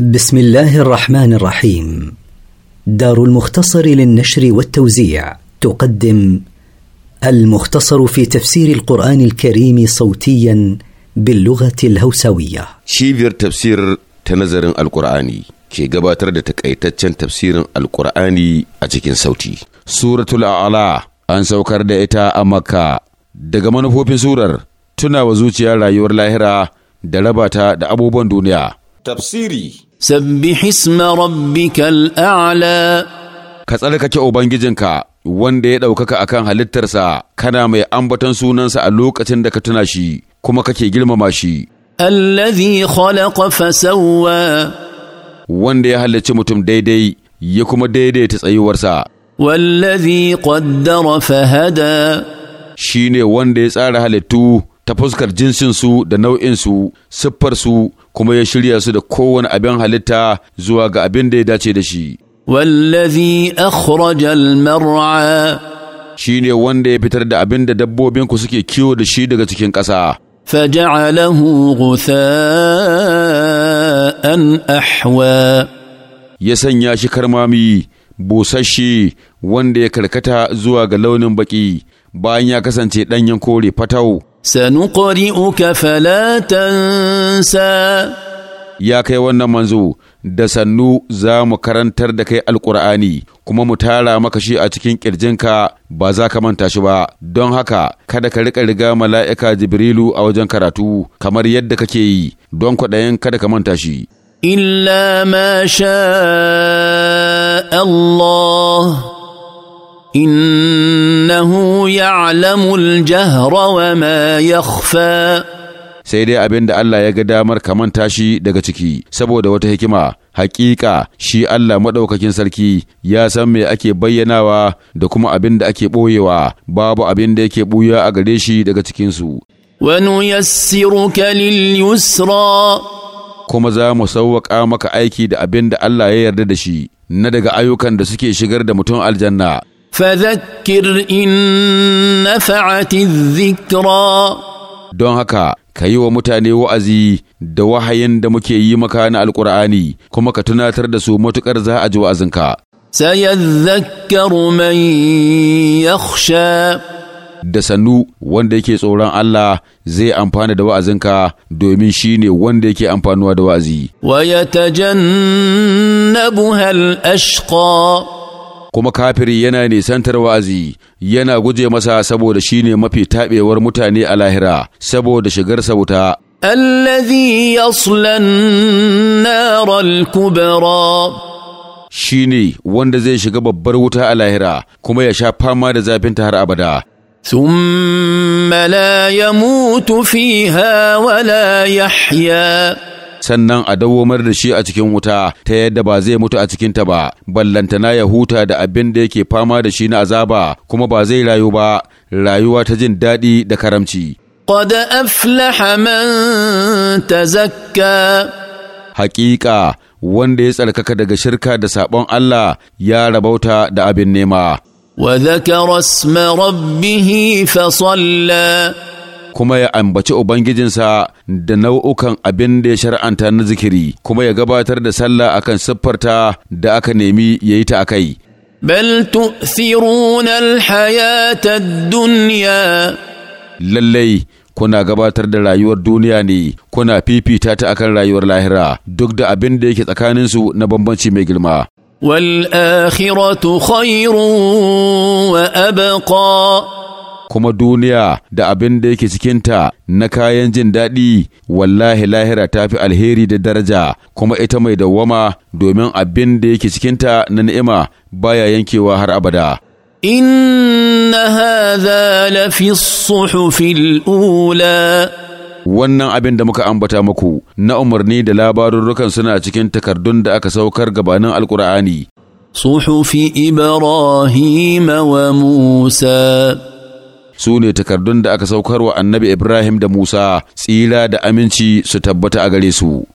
بسم الله الرحمن الرحيم دار المختصر للنشر والتوزيع تقدم المختصر في تفسير القرآن الكريم صوتيا باللغة الهوسوية شيفير تفسير تنظر القرآني كي قباتر تكأيتتشن تفسير القرآني أتكين صوتي سورة الأعلى أن سوكر دائتا أمكا دقمان فوبين سورر تنا وزوتيا لا يور لاهرة da rabata دونيا tafsiri sabbihi isma rabbikal a'la ka tsarkake ubangijinka wanda ya ɗaukaka akan halittarsa kana mai ambaton sunansa a lokacin da ka tuna shi kuma kake girmama shi allazi khalaqa fasawwa wanda ya halarci mutum daidai ya kuma daidaita tsayuwarsa wallazi qaddara fahada shine wanda ya tsara halittu ta fuskar jinsinsu da nau'insu siffarsu kuma ya shirya su da kowane abin halitta zuwa ga abin da ya dace da shi. Wallazi akhrajal mar'a shi ne wanda ya fitar da abin da dabbobinku suke kiwo da shi daga cikin ƙasa. Faja'alahu an ahwa ya sanya shi karmami busasshe wanda ya karkata zuwa ga launin baƙi bayan ya kasance ɗanyen kore fatau. سنقرئك فلا تنسى ya kai wannan manzo da sannu za mu karantar da kai alkur'ani kuma mu tara maka shi a cikin ƙirjinka ba za ka manta shi ba don haka kada ka riƙa riga mala'ika jibrilu a wajen karatu kamar yadda kake yi don kwaɗayin kada ka manta shi illa ma sha Allah يعلم الجهر وما يخفى sai dai abin da Allah ya ga damar ka manta shi daga ciki saboda wata hikima hakika shi Allah maɗaukakin sarki ya san me ake bayyanawa da kuma abin da ake ɓoyewa babu abin da yake ɓuya a gare shi daga cikinsu. Wani yassiru kalil kuma za mu sauwaƙa maka aiki da abin da Allah ya yarda da shi na daga ayyukan da suke shigar da mutum aljanna. Fadhakkir in نفعت الذكرى don haka ka yi wa mutane wa'azi da wahayin da muke yi maka na alkur'ani kuma ka tunatar da su matuƙar za a ji wa'azinka. sayadhakkaru man yakhsha da sannu wanda yake tsoron Allah zai amfana da wa'azinka domin shi ne wanda yake amfanuwa da wa'azi. Wa ya ta jannabu hal ashqa kuma kafiri yana nisantar wa'azi yana guje masa saboda shine mafi taɓewar mutane a lahira saboda shigarsa wuta الذي يصلى النار Shi shine wanda zai shiga babbar wuta a lahira kuma ya sha fama da zafinta har abada ثم ya mutu فيها ولا يحيا sannan a dawomar da shi a cikin wuta ta yadda ba zai mutu a cikinta ba ballantana ya huta da abin da yake fama da shi na azaba kuma ba zai rayu ba rayuwa ta jin daɗi da karamci قد أفلح من تزكى حقيقة wanda ya tsarkaka daga shirka da saɓon Allah ya rabauta da abin nema. Wa zakara rabbihi fa kuma ya ambaci Ubangijinsa da nau'ukan abin da ya shar'anta na zikiri kuma ya gabatar da sallah akan siffarta da aka nemi ya yi ta akai. Bal tu'thirun alhayata duniya. Lallai kuna gabatar da rayuwar duniya ne kuna fifita ta akan rayuwar lahira duk da abin da yake tsakaninsu na bambanci mai girma. والآخرة wa وأبقى kuma duniya da abin da yake cikinta na kayan jin daɗi wallahi lahira ta fi alheri da daraja kuma ita mai dawwama domin abin da yake cikinta na ni'ima baya yankewa har abada. إن هذا lafi الصحف الأولى wannan abin da muka ambata muku na umarni da labarurrukan suna cikin takardun da aka saukar gabanin alkur'ani suhufi ibrahim wa musa su ne takardun da aka saukar wa annabi Ibrahim da Musa tsira da aminci su tabbata a gare su.